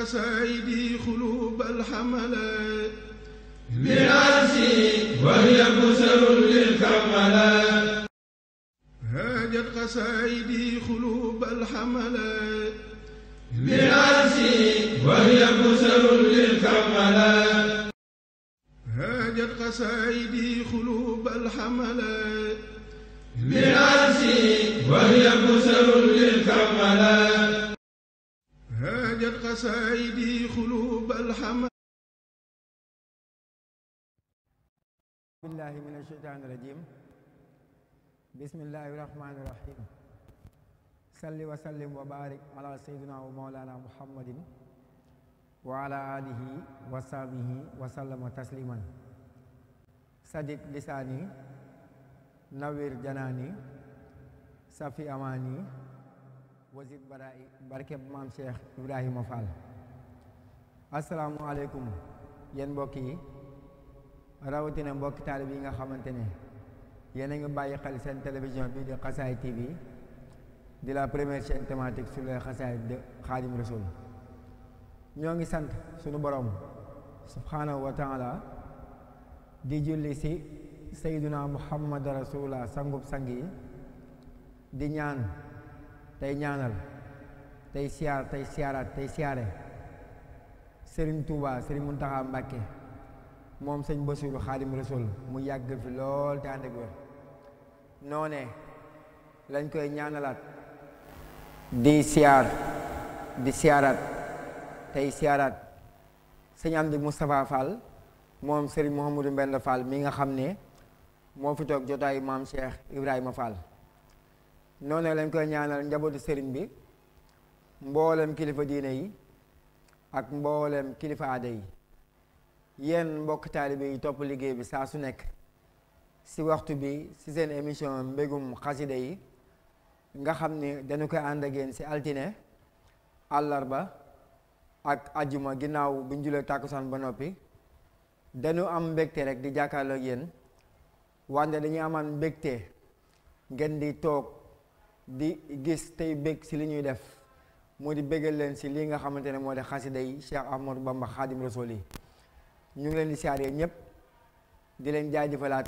قصائدي خلوب الحملات براسي وهي بسر للكملات هاجت قصائدي خلوب الحملات براسي وهي بسر للكملات هاجت قصائدي خلوب الحملات براسي وهي بسر للكملات قسائدي خلوب الحمد بالله من الشيطان الرجيم بسم الله الرحمن الرحيم صل وسلم وبارك على سيدنا ومولانا محمد وعلى آله وصحبه وسلم تسليما صدق لساني نوير جناني صفي أماني wasit baraay barkeb maam Cheikh Ibrahima Fall asalaamualeykum yéen mbokk yi rawatina mbokki taalib yi nga xamante ne yéen a ngi bàyyi xel seen télévision bi di Qaça'id TV di la première chaîne thématique sur les xasaayid de Xaadim Rasul ñoo ngi sant sunu borom subhanahu wa taala di julli si sayduna muhammad rasulullah sangub sang yi di ñaan tey ñaanal tey siyaar tey siyaaraat tey siyaare Serigne Touba Serigne Mountakha Mbacké moom sëñ Bassirou Khadim Rasoul mu yàgg fi lool te ànd ak wér lañ koy ñaanalaat di siyaar di siyaaraat tey siyaaraat sëñ Amdi Moustapha Fall moom sëriñ Mouhamadou Mbend Fall mi nga xam ne moo fi toog jotaayu maam Cheikh Ibrahima Fall noonu lañ koy ñaanal njabootu sëriñ bi mboolem kilifa diine yi ak mboolem kilifa aada yi yenn mbokk taalibe yi topp liggéey bi saa su nekk si waxtu bi si seen émission mbégum xasida yi nga xam ni dañu koy ànd ak yéen si altine àllarba ak ajuma ginnaaw bu ñu julee tàkkusaan ba noppi dañu am mbégte rek di jàkkaarloo ak yéen wante dañuy amaan mbégte ngeen di toog di gis tey bég si li ñuy def moo di bégal leen si lii nga xamante ne moo de xasida yi Cheikh Ahmadou Bamba Xaadim Rasul yi ñu ngi leen di siyaaree ñëpp di leen jaajëfalaat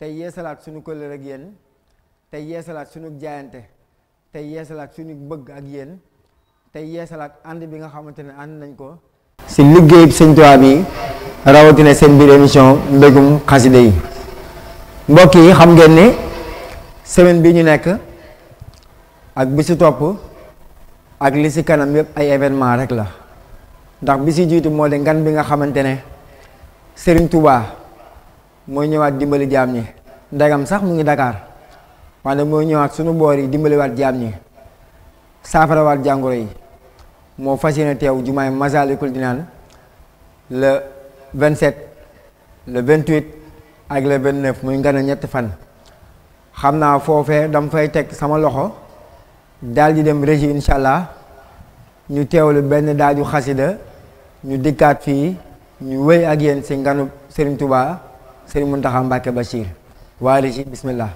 tey yeesalaat suñu këllër ak yéen tey yeesalaat suñu jaayante tey yeesalaat suñu bëgg ak yéen tey yeesalaat ànd bi nga xamante ne ànd nañ ko si liggéey Sëñ Tuubaa bi rawatina seen biir émission mbégum xasida yi mbokk yi xam ngeen ne semaine bi ñu nekk ak bi si topp ak li si kanam yëpp ay événement rek la ndax bi si jiitu moo di ngan bi nga xamante ne Serigne Touba mooy ñëwaat dimbali jaam ñi ndegam sax mu ngi dakaar wante mooy ñëwaat sunu boor yi dimbaliwaat jaam ñi saafarawaat jàngoro yi moo fas yéene teew jumaay Masaalikul Jinaan le 27 le 28 ak le 29 muy ngana ñetti fan xam naa foofee dama fay teg sama loxo. daal di dem régi incha allah ñu teewlu benn daaju xasida ñu dikkaat fii ñu wéy ak yéen si nganu Serigne Touba Serigne Mountakha Mbacké Bachir waa régi bismillah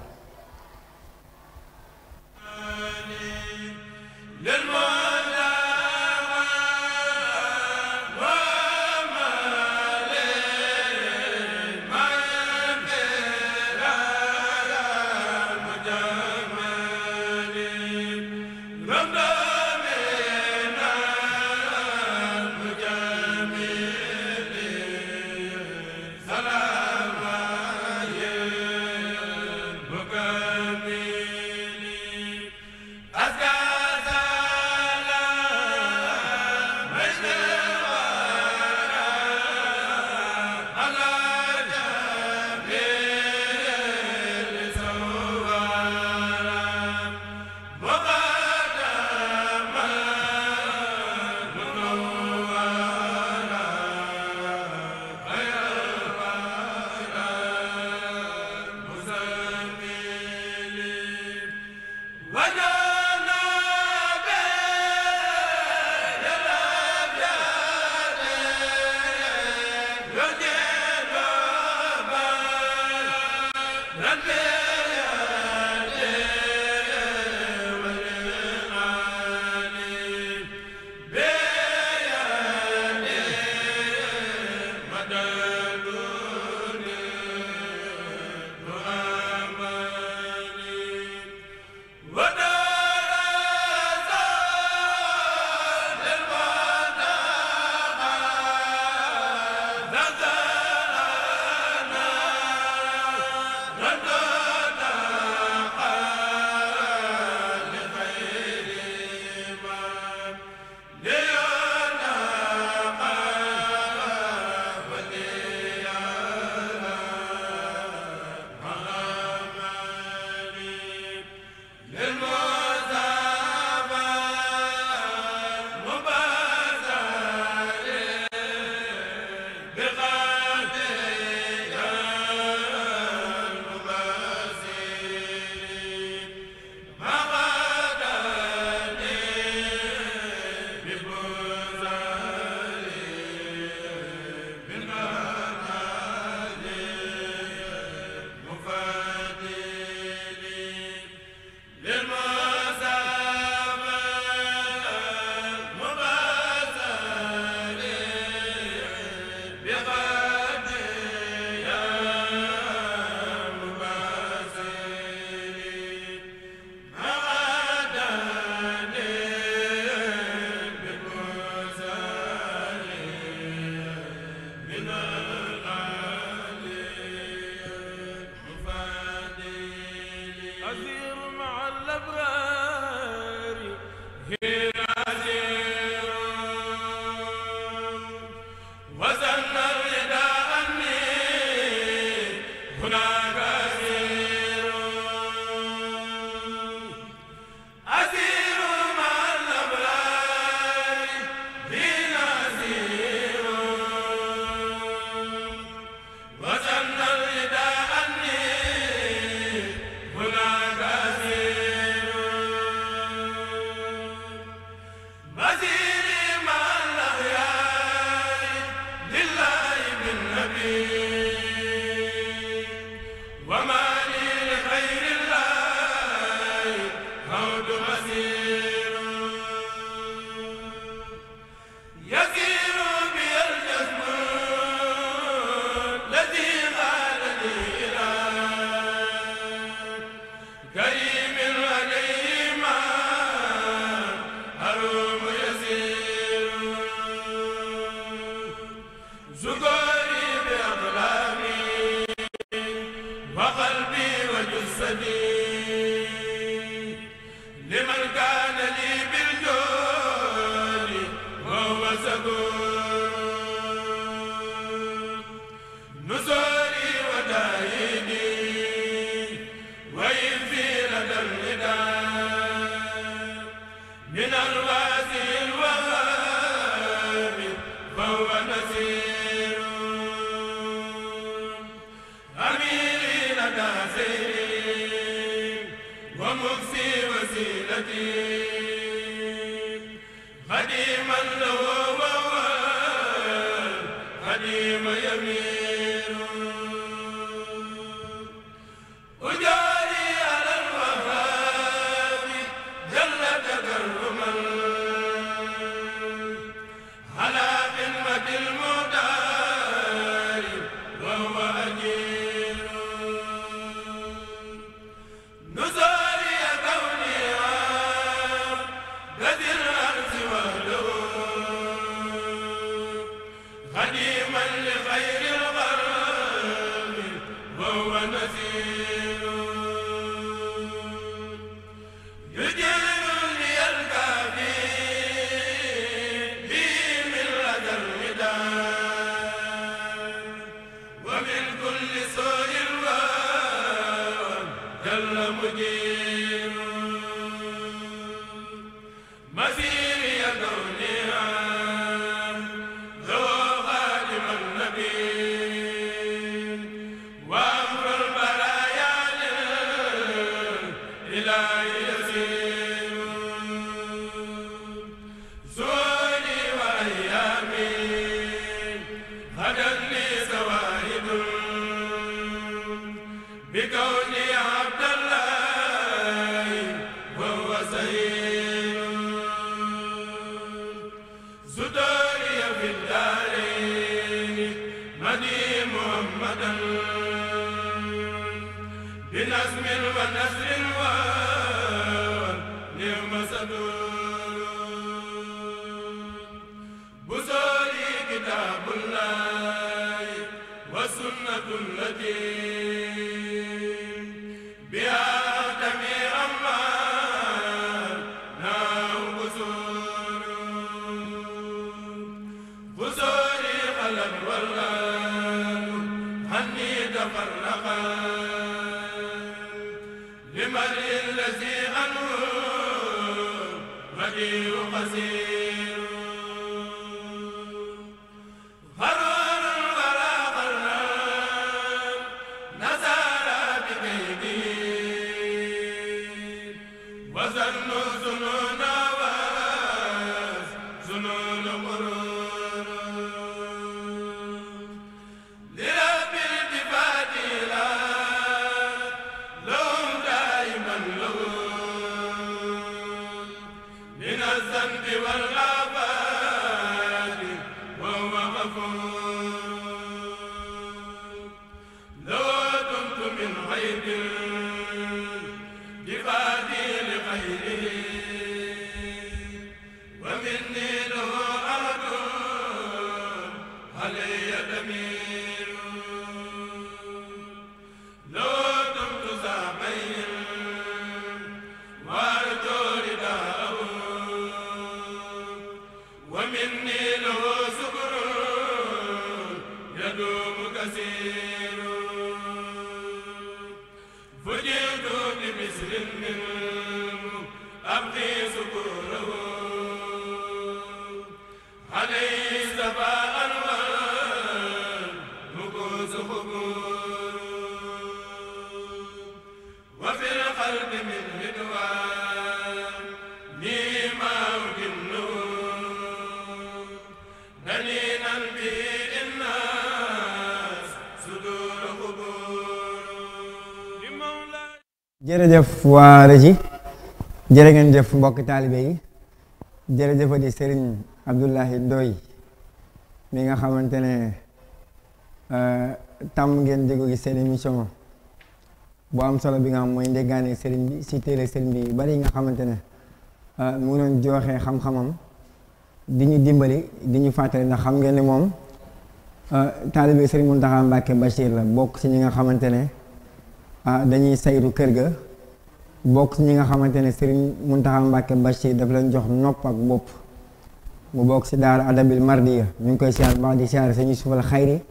ba la الوسيل jërëjëf waa Régie jërë ngeen jëf mbokk taalibe yi jërëjëfati Serigne Abdoulahi Ndoye mi nga xamante ne euh, tàmm ngeen jégo gi seen mission boo am solo bi nga xam mooy ndéggaane Serigne bi si téere Serigne bi yu bari yi nga xamante ne euh, mu ngi doon joxe xam-xamam di ñu dimbali di ñu fàttali ndax xam ngeen ne moom euh, taalibe Serigne a Mbacké Bachir la bokk ci ñi nga xamante ne dañuy saytu kër ga bokk ci ñi nga xamante ne Serigne Mountakha Mbacké Bachir daf leen jox nopp ak bopp mu bokk ci daara adabil mardiya ñu ngi koy siyaar baax di siyaar sëñ Yuusufal Xayri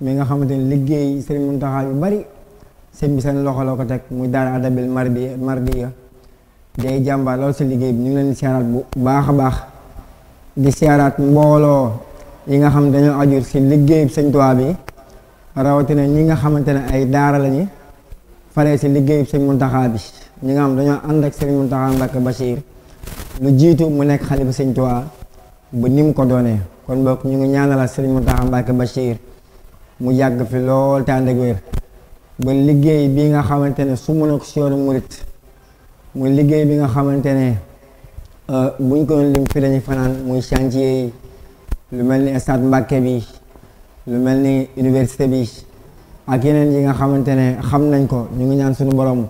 mi nga xamante ne liggéey Serigne Mountakha yu bari sëñ bi seen loxo la ko teg muy daara adabil mardiya mardiya day jàmbaar loolu liggéey bi ñu ngi leen di bu baax a baax di siyaaraat mbooloo yi nga xam dañoo ajur ci liggéey sëñ Tuubaa bi rawatina ñi nga xamante ne ay daara lañu faree ci liggéey sëñ Mountakha bi ñi nga xam dañoo ànd ak Serigne Mountakha Mbacké Bachir lu jiitu mu nekk xalifa Serigne Touba ba ni mu ko doonee kon bokk ñu ngi ñaanala Serigne Mountakha Mbacké Bachir mu yàgg fi lool te ànd ak ba liggéey bi nga xamante ne su mën a ko si muy liggéey bi nga xamante ne euh, buñ ko lim fi dañuy fanaan muy chantier lu mel ni stade Mbacké bi lu mel ni université bi ak yeneen yi nga xamante ne xam nañ ko ñu ngi ñaan suñu borom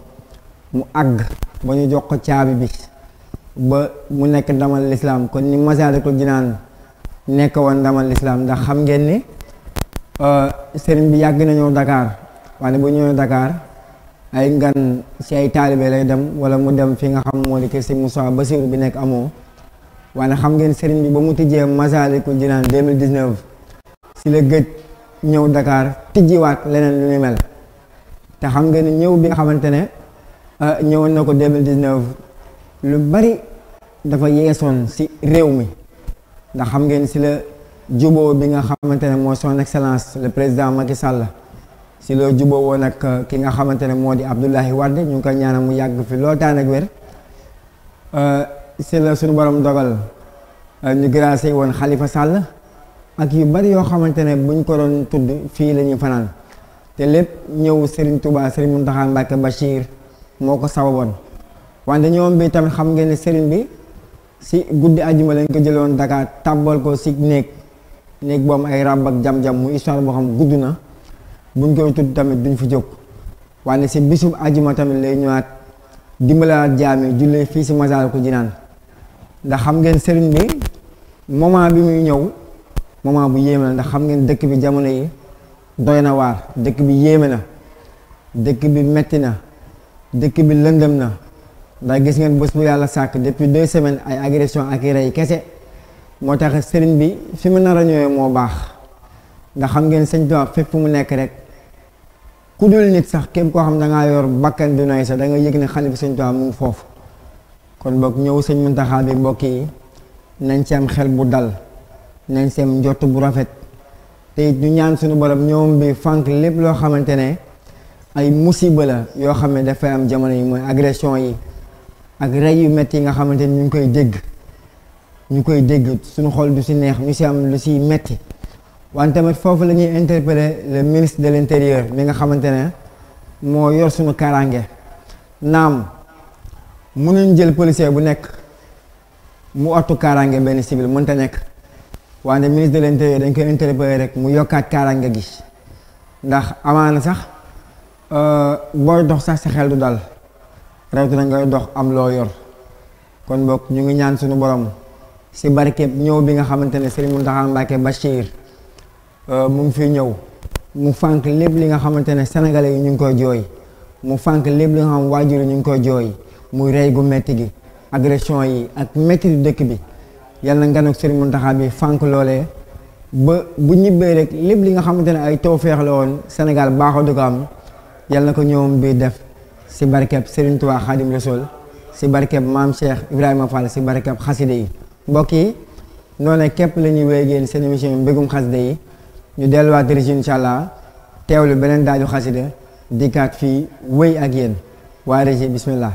mu àgg ba ñu jox ko caabi bi ba mu nekk ndamal lislaam kon ni Masaalikul Jinaan nekk woon ndamal lislaam ndax xam ngeen ni euh, sëriñ bi yàgg na ñëw Dakar waaye bu ñëwee ndakaar ay ngan si ay taalibe lay dem wala mu dem fi nga xam moo di kër si Moussa Basiru bi nekk amoo waaye xam ngeen sëriñ bi ba mu tijjee Masaalikul Jinaan 2019 si la gëj ñëw ndakaar tijjiwaat leneen lu ñu mel te xam ngeen ñëw bi nga xamante ne. Ah, ñëwoon na ko 2019 lu bari dafa yeesoon si réew mi ndax xam ngeen si la juboo bi nga xamante ne moo son excellence le président Macky sàll si loo juboo woon ak ah, ki nga xamante ne moo di Abdoulaye Wade ñu ngi ko ñaanal mu yàgg fi lool taan ak wér si ah, la suñu borom dogal ñu gracié woon xalifa sàll ak yu bari yoo xamante ne buñ ko doon tudd fii lañuy fanaan te lépp ñëw Serigne Touba Serigne Mountakha Mbacké Bachir moo ko sababoon wante ñoom bi tamit xam ngeen ne sëriñ bi si guddi àjjuma lañ ko jëloon Dakar tàbbal ko si néeg néeg boobu ay ràbb ak jam-jam mu histoire boo xam gudd na buñ koy tudd tamit duñ fi jóg wante si bisub ajuma tamit lay ñëwaat dimbalaat jaam yi jullee fii si Masaalikul Jinaan ndax xam ngeen sëriñ bi moment bi muy ñëw moment bu yéeme la ndax xam ngeen dëkk bi jamono yi doy na waar dëkk bi yéeme na dëkk bi metti na dëkk bi lëndëm na ndax gis ngeen bës bu yàlla sàkk depuis deux semaines ay agression ak i kese moo tax sëriñ bi fi mu nar a ñëwee moo baax ndax xam ngeen sëñ Tuubaa fépp mu nekk rek ku dul nit sax képp koo xam da ngaa yor bàkkan du noy sax da nga yëg ne xalifa sëñ Tuubaa mu ngi foofu kon boog ñëw sëñ Muntaxa bi mbokk yi nañ ci xel bu dal nañ ci njot bu rafet te it ñaan suñu borom ñoom bi fànk lépp loo xamante ne ay musiba la yoo xam ne dafay am jamono yi mooy agression yi ak rey yu métti yi nga xamante ni ñu ngi koy dégg ñu koy dégg suñu xol du si neex ñu si am lu si metti wante tamit foofu lañuy ñuy interpeller le ministre de l'intérieur mi nga xamante ne moo yor suñu kaaraange naam mënuñ jël policier bu nekk mu ottu kaaraange benn civil mënta nekk wante ministre de l'intérieur dañ koy interpeller rek mu yokkaat kaaraange gi ndax amaana sax booy euh, dox sax sa xel du dal rawatina ngay dox am loo yor kon bokk ñu ngi ñaan suñu borom si barkeb ñëw bi nga xamante ne Serigne Mountakha Mbacké Bachir euh, mu ngi fi ñëw mu fànk lépp li nga xamante ne sénégalais yi ñu ngi koy jooy mu fànk lépp li nga xam waajur yi ñu ngi koy jooy muy rey gu metti gi agression yi ak metti du dëkk bi yàlla nga nag Serigne Mountakha bi fànk loolee ba bu ñibbee rek lépp li nga xamante ne ay tawfeex la woon Sénégal baaxoo du ko am yàlla na ko ñoom bi def si barkeb Serigne Touba Khadim Rasoul si barkeb maam Cheikh Ibrahima Fall si barkeb xaside yi mbokk yi noonu képp la ñuy wéegéen seen émission mbégum xaside yi ñu delluwaat régime incha allah teewlu beneen daaju xaside dikkaat fi wéy ak yéen waa régie bismillah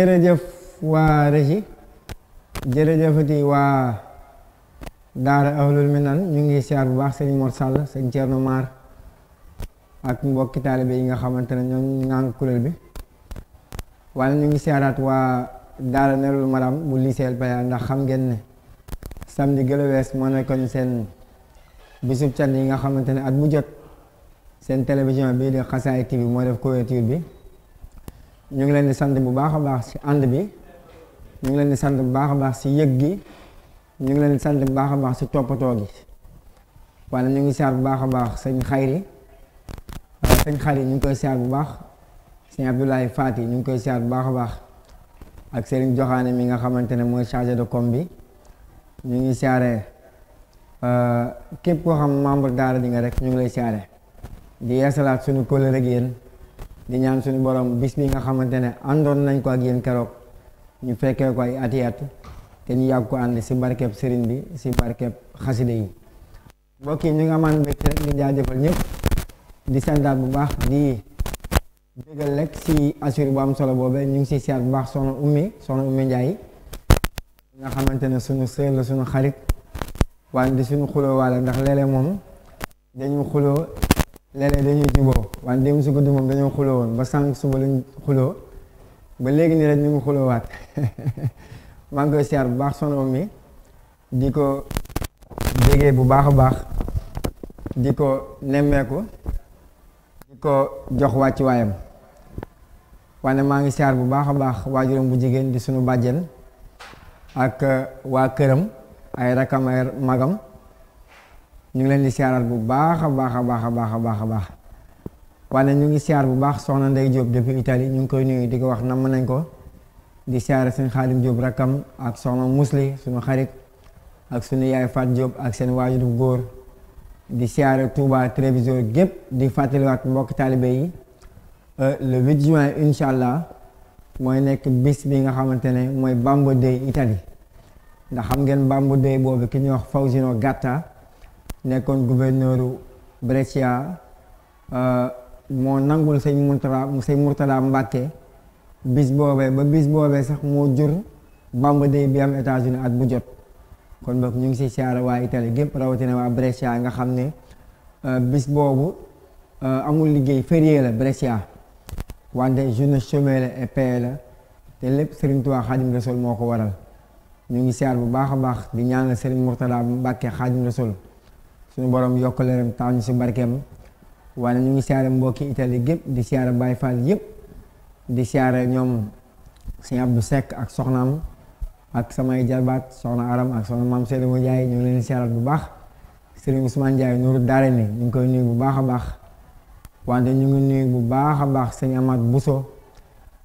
jërëjëf waa régi jërëjëfati waa daara ahlul nan ñu ngi siyaar bu baax sëñ Mor Sall sëñ Thierno ak mbokki taalibe yi nga xamante ne ñoom ngang kuréel bi walla ñu ngi siyaaraat waa daara Nerul Maram bu lycée Paya ndax xam ngeen ne samedi gëla wees moo nekkoon seen bisub can yi nga xamante ne at bu jot seen télévision bii di xasaay TV moo def couverture bi ñu ngi leen di sant bu baax a baax si ànd bi ñu ngi leen di sant bu baax a baax si yëg gi ñu ngi leen di sant bu baax a baax si toppatoo gi wala ñu ngi siyaar bu baax a baax sëñ xayri sëñ xayri ñu ngi koy siyaar bu baax sëñ Abdoulaye Fati ñu ngi koy siyaar bu baax a baax ak Serigne Joxaane mi nga xamante ne mooy chargé de com bi ñu ngi siyaare euh, képp koo xam membre daara di nga rek ñu ngi lay siyaare di yeesalaat suñu kóllëre ak yéen di ñaan suñu borom bis bi nga xamante ne àndoon nañ ko ak yéen keroog ñu fekkee ko ay ati te ñu yàgg ko ànd si barkeb sëriñ bi si barkeb xaside yi mbokk yi ñu nga amaan mbégte rek di jaajëfal ñëpp di santaat bu baax di dëggal rek si assur bu am solo boobee ñu ngi si siyaat bu baax soxna ummi soxna ummi njaay nga xamante ne suñu sër la suñu xarit waaye di suñu xuloo waale ndax léeg moom dañu xuloo léeg dañuy juboo wante démb si guddi moom dañoo xuloo woon ba sànq suba lañ xuloo ba léegi nii rek ñu ngi xuloowaat maa ngi koy siyaar bu baax sono mi di ko déggee bu baax a baax di ko nemmeeku di ko jox wàcc waayam wane maa ngi siyaar bu baax a baax waajuram bu jigéen di suñu bàjjen ak uh, waa këram ay rakam ay magam ñu ngi leen di siyaaraat bu baax a baax a baax a baax a baax a baax ñu ngi siyaar bu baax soxna Ndey Jóob depuis Italie ñu ngi koy nuyu di ko wax namm nañ ko di siyaare seen xaalim Jóob rakkam ak soxna Musli suñu xarit ak suñu yaay Faat Jóob ak seen waajur góor di siyaare Touba téléviseur gépp di fàttaliwaat mbokk taalibe yi euh, le 8 juin incha allah mooy nekk bis bi nga xamante ne mooy Bambo Day Italie ndax xam ngeen Bambo Day boobu ki ñuy wax Fawzino Gatta nekkoon gouverneur Brescia euh, moo nangul sëñ Murtala sëñ Murtala Mbàkke bis boobee ba bis boobee sax moo jur Bamba Day bi am États-Unis at bu jot kon boog ñu ngi si siyaare waa Italie gépp rawatina waa Brescia nga xam ne euh, bis boobu euh, amul liggéey férié la Brescia wante journée chômée la et payé la te lépp Serigne Touba Xaadim Rasul moo ko waral ñu ngi siyaar bu baax a baax di ñaanal Serigne Murtala Mbàkke Xaadim Rasul suñu borom yokk leen taw ñu si barkeem waaye ñu ngi siyaare mbokki Italie gépp di siyaare Baye Fall yëpp di siyaare ñoom Sëñ Abdou sekk ak soxnaam ak samay jarbaat soxna Aram ak soxna maam Seydou Ndiaye ñu ngi leen di siyaaraat bu baax Serigne Ousmane Ndiaye Nourou Daara ni ñu ngi koy nuyu bu baax a baax wante ñu ngi nuyu bu baax a baax Sëñ Amath Bousso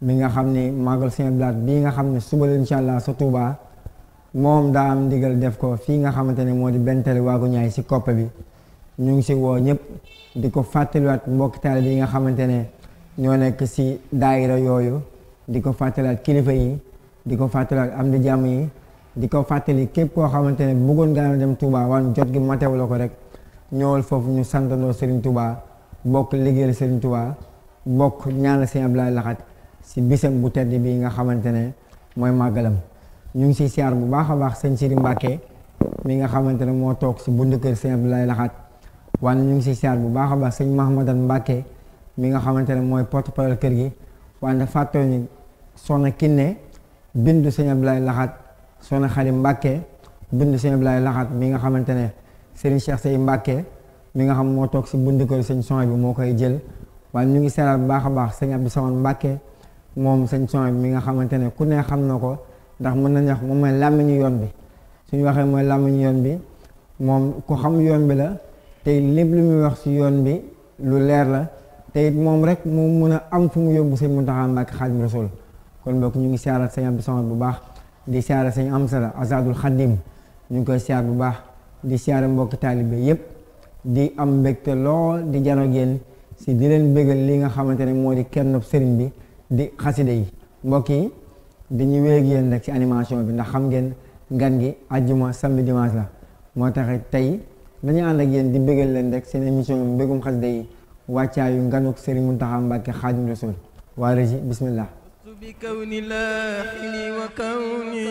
mi nga xam ne seen Sëñ Abdou bii nga xam ne suba la incha allah sa Touba moom daa am ndigal def ko fii nga xamante ne moo di benteel waagu ñaay si kopp bi ñu ngi si woo ñëpp di ko fàttaliwaat mbokk taalibe yi nga xamante ne ñoo nekk si daayira yooyu di ko fàttaliwaat kilifa yi di ko fàttaliwaat am di jàmm yi di ko fàttali képp koo xamante ne bëggoon ngaa dem Touba wan jot gi matew la ko rek ñëwal foofu ñu santandoo Serigne Touba bokk liggéeyal Serigne Touba bokk ñaanal Serigne Abdoulaye Laxat si bisam bu tedd bi nga xamante ne mooy màggalam ñu ngi siy siyaar bu baax a baax sëñ Sidi Mbacke mi nga xamante ne moo toog si buntu kër sëñ Abdoulaye Laxat waaye ñu ngi siy siyaar bu baax a baax sëñ Mahamadan Mbacke mi nga xamante ne mooy porte-parole kër gi waaye fàttoo ñu soxna Kiné bindu sëñ Abdoulaye Laxat soxna Xali Mbacke bindu sëñ Abdoulaye Laxat mi nga xamante ne sëriñ Sey Mbacke mi nga xam moo toog si buntu kër sëñ son bi moo koy jël waaye ñu ngi siyaar bu baax a baax sëñ Abdou Samane Mbacke moom sëñ bi mi nga xamante ne ku ne xam na ko. ndax mun nañ wax moom mooy làmmiñu yoon bi suñu waxee mooy làmmiñu yoon bi moom ku xam yoon bi la tey lépp lu muy wax ci yoon bi lu leer la te it moom rek mu mun a am fu mu yóbbu sëñ Muntaxa Mbàkke Xaadimu Rasuul kon mbokk ñu ngi siyaaral sëñ Abdou Samad bu baax di siyaaral sëñ Amsala Azadul Xadim ñu ngi koy siyaar bu baax di siyaare mbokki taalibe yépp di am mbégte lool di jano génn si di leen bégal li nga xamante ne moo di kennub sëriñ bi di xasida yi mbokk yi dañuy wéeg yéen rek ci animation bi ndax xam ngeen gan gi àjjuma samedi dimanche la moo tax tey dañuy ànd ak yéen di bëggal leen rek seen émission mbëggum xasida yi wàccaayu nganuk Sëriñ Muntaxa Mbàkke Xaadimu Rasuul waa régi bismillah bi kawni laaxini wa kawni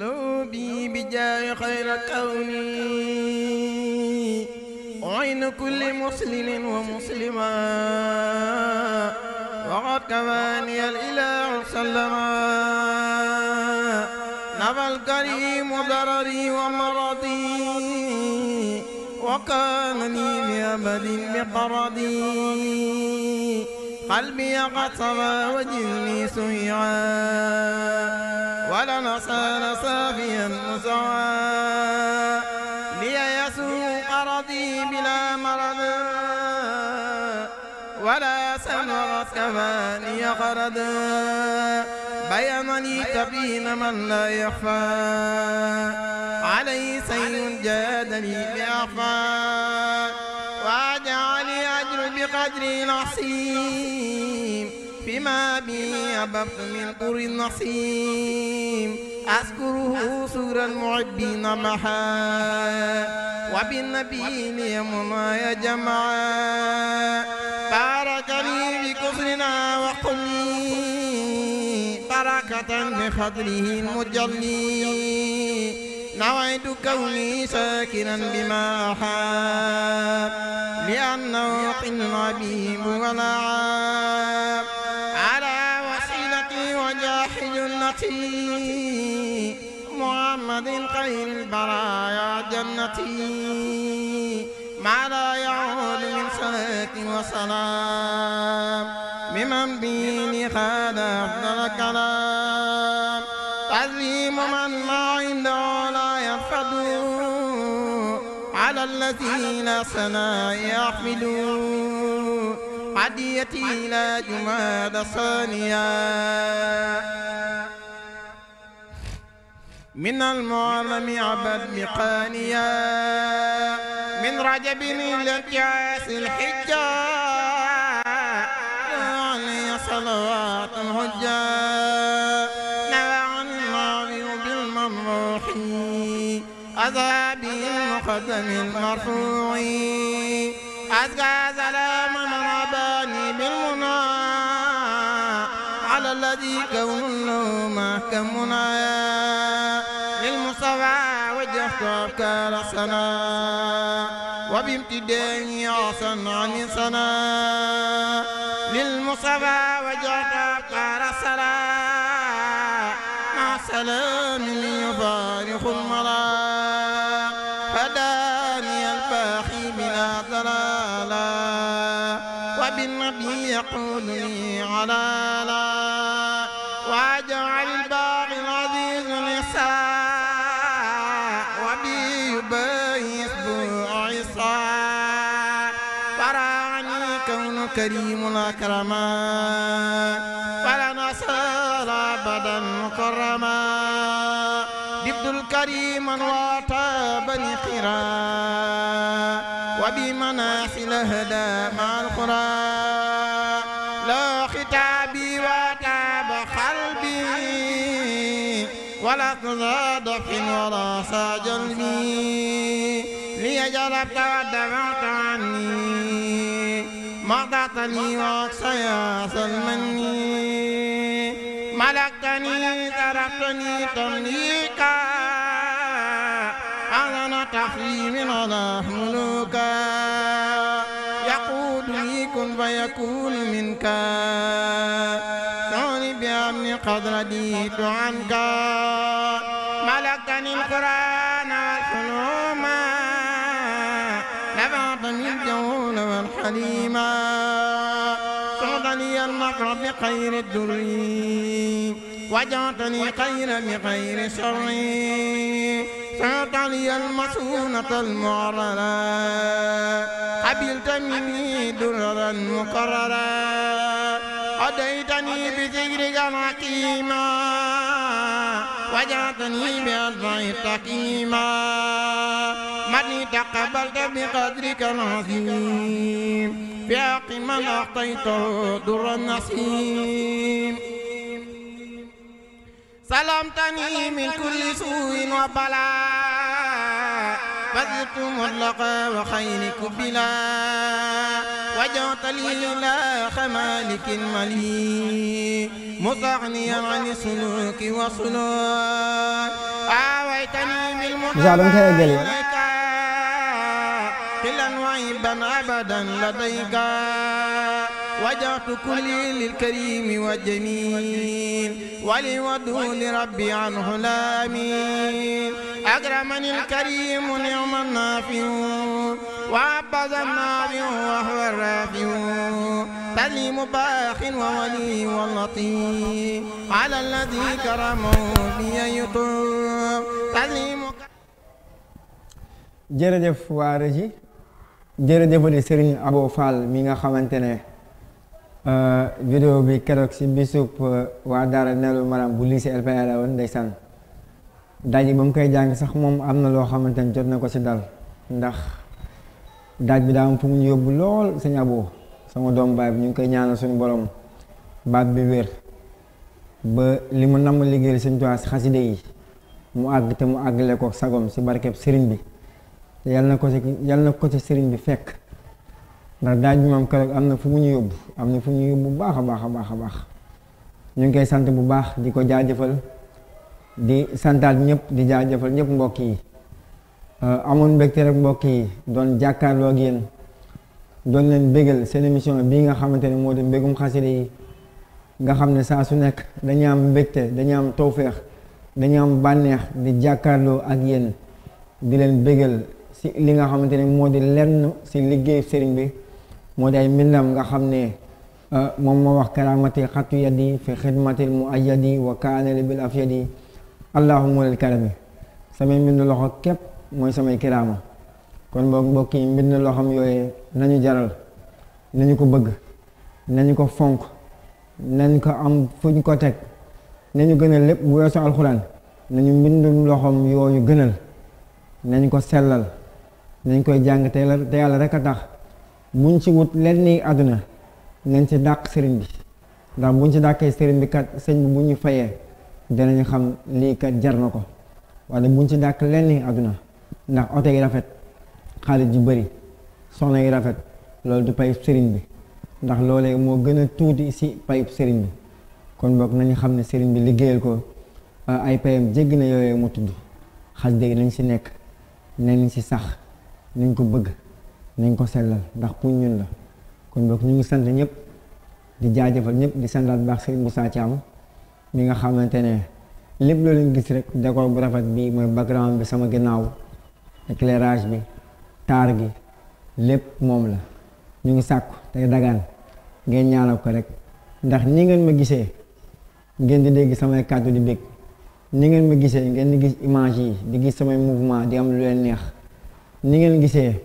loo bi bi jaay xayra kawni kulli muslimin wa muslima وقد كفاني الإله سلما نفى الكريم ضرري ومرضي وكانني بأبد بقردي قلبي قد صفى وجسمي سيعا ولنصان صافيا مسعا ثماني غردا بيان لي تبين من لا يخفى علي سيد جادني بأعفى واجعلي أجر بقدر العصيم فيما بي أببت من قر النصيم أذكره سر المعبين محا وبالنبي ليمنا يا جماعة قلبي بركة بفضله المجلي نويت كوني ساكنا بما حاب لأنه قلب به ولا عاب على وسيلتي وجاحد النتي محمد خير البرايا جنتي ما لا يعود من صلاة وسلام الدين هذا أفضل الكلام تعظيم من ما عنده لا يفقد على الذين سنا يحملون عديتي إلى جماد صانيا من المعلم عبد مقانيا من رجب الى الجاس الحجاج المقدم المرفوع أزكى سلام من رباني بالمنى على الذي كون له محكم منايا للمصطفى وجهت أفكار السنا وبامتداني عصا عن سنا للمصطفى وجهت أفكار السنا مع سلام يفارق المرأة على تراصى جلبي ليجرب تودعت عني مضتني وقصياص المني ملكتني تركتني تمليكا أنا تحريم أنا ملوكا يقودني كن فيكون منك ثاني بأمن قد رديت عنك أتني القرآن والعلوم نبعت من جول والحليما سعدني النقر بخير الدري وجعتني خيرا بخير شري سعدني المسونة المعررة قبلت مني دررا مقررا هديتني بذكرك الحكيما وجعتني بأرض تقيما مني تقبلت بقدرك العظيم بحق من أعطيته در النسيم سلمتني من كل سوء وبلاء فذرت مطلقا وخير كفلا وجعت لي إله مالك ملي مصغنيا عن سلوك وصلوك آويتني بالمحبة إليك قلا وعبا أبدا لديك وجعت كلي للكريم والجميل ولودوا لربي عن حلامي أكرمني الكريم نعم النافع وعبد النافع وهو الرافع تلي مباح وولي ولطيف على الذي كرمه بي يطوب تلي jërëjëf waa Régis jërëjëfati Serigne Abo Fall mi nga xamante ne Euh, vidéo bi keroog si bisub euh, waa daara Nellu Maram bu lycée LPR la woon ndeysaan daaj bi ba mu koy jàng sax moom am na loo xamante ni jot na ko si dal ndax daaj bi daa mu ñu yóbbu lool sëñ Abo sama doom baay bi ñu ngi koy ñaanal suñu borom baat bi wér ba li mu namm liggéey sëñ Tuubaa si xaside yi mu àgg te mu àggale ko sagom si barkeb sëriñ bi yal na ko si yal na ko si sëriñ bi fekk ndax daaj bi moom am na fu mu ñu yóbbu am na fu mu bu baax a baax a baax a baax ñu ngi koy sant bu baax di ko jaajëfal di santaat ñëpp di jaajëfal ñëpp mbokk yi euh, amoon mbégte rek mbokk yi doon jàkkaarloo ak yéen doon leen bégal seen émission bii nga xamante ni moo di mbégum xasida yi nga xam ne saa su nekk dañu am mbégte dañu am tawféex dañu am bànneex di jàkkaarloo ak yéen di leen bégal si li nga xamante ni moo di lenn si liggéey sëriñ bi moo ay mbindam nga xam ne euh, moom moo wax karamati xatu yadi fi xidmatil mu ayadi wa kaanali bil afyadi allahumma lil karami samay mbind loxo képp mooy samay kiraama kon boog mbokk yi mbind loxam yooyee nañu jaral nañu ko bëgg nañu ko fonk nañ ko am fuñ ko teg nañu gënal lépp bu weesu alxuraan nañu mbindum loxom yooyu gënal nañ ko sellal nañ koy jàng te yàlla rek a tax buñ ci wut lenn ni àdduna nañ ci dàq sëriñ bi ndax buñ ci dàqee sëriñ bi kat sëñ bi bu ñu fayee danañ xam lii kat jar na ko wala buñ ci dàq lenn yi àdduna ndax oto yi rafet xaalis yu bari soxna yi rafet loolu du payub sëriñ bi ndax loolee moo gën a tuuti si payub sëriñ bi kon boog nañu xam ne sëriñ bi liggéeyal ko ay payam jéggi na yooyu mu tudd xas dégg nañ si nekk nañ si sax nuñ ko bëgg nañ ko sellal ndax pour ñun la kon boog ñu ngi sant ñëpp di jaajëfal ñëpp di santaat baax Serigne Moussa Thiam mi nga xamante ne lépp loo leen gis rek décor bu rafet bi mooy background bi sama ginnaaw éclairage bi taar gi lépp moom la ñu ngi sàkku te dagaan ngeen ñaanal ko rek ndax ni ngeen ma gisee ngeen di dégg samay kàddu di bég ni ngeen ma gisee ngeen di gis image yi di gis samay mouvement di am lu leen neex ni ngeen gisee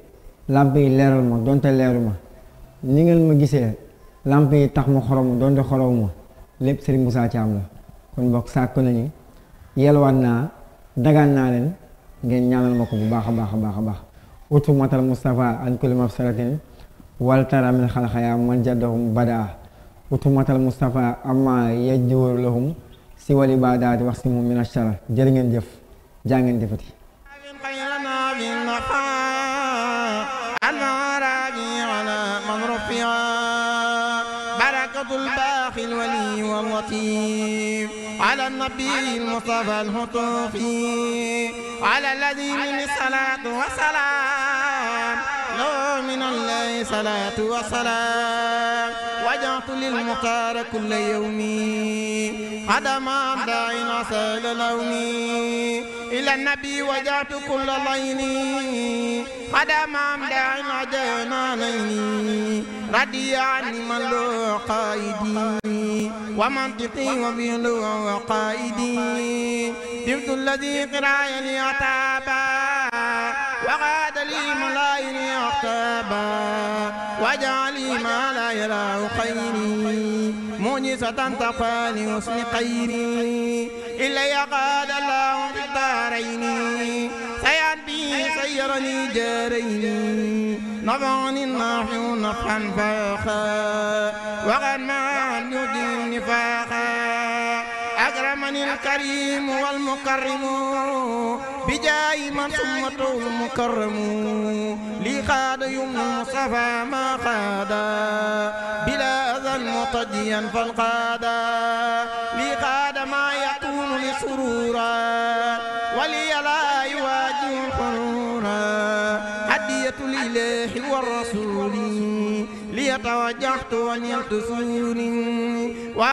làmp yi leeral ma donte leeru ma ni ngeen ma gisee làmp yi tax ma xorom donte xorom ma lépp Serigne Moussa Thiam la kon mbokk sàkku nañu yelwaan naa dagaan naa leen ngeen ñaanal ma ko bu baax a baax a baax a baax utu matal Moustapha an kulli mafsalatin waltara min xalxaya man jaddahum badaa utu matal Moustapha amma yajjiwar lahum si wali baadaati wax si moom min ashara jërë ngeen jëf jaa ngeen jëfati الباقي الولي واللطيف على النبي المصطفى الهطوفي على الذي من الصلاة والسلام له من الله صلاة وسلام وجعت للمختار كل يوم قدم أبداع عسى لومي إلى النبي وجعت كل ليل قدم أبداع عجانا ليلي رضي عني من له قائدي ومنطقي وبه له قائدي جبت الذي قراي لي عتابا وغاد لي ملاي لي عتابا وجعلي ما لا يراه خيري معجزة تقى لحسن خيري إلي قاد الله في الدارين سيان بي سيرني جاريني نظرني الناحي نفحا فاخا وغن مع اليد نفاقا أكرمني الكريم والمكرم بجاي من سمته المكرم لي قاد يمن المصطفى ما قاد بلا أذى مطجيا فالقاد لي قاد ما يكون لسرورا توجهت ونلت سور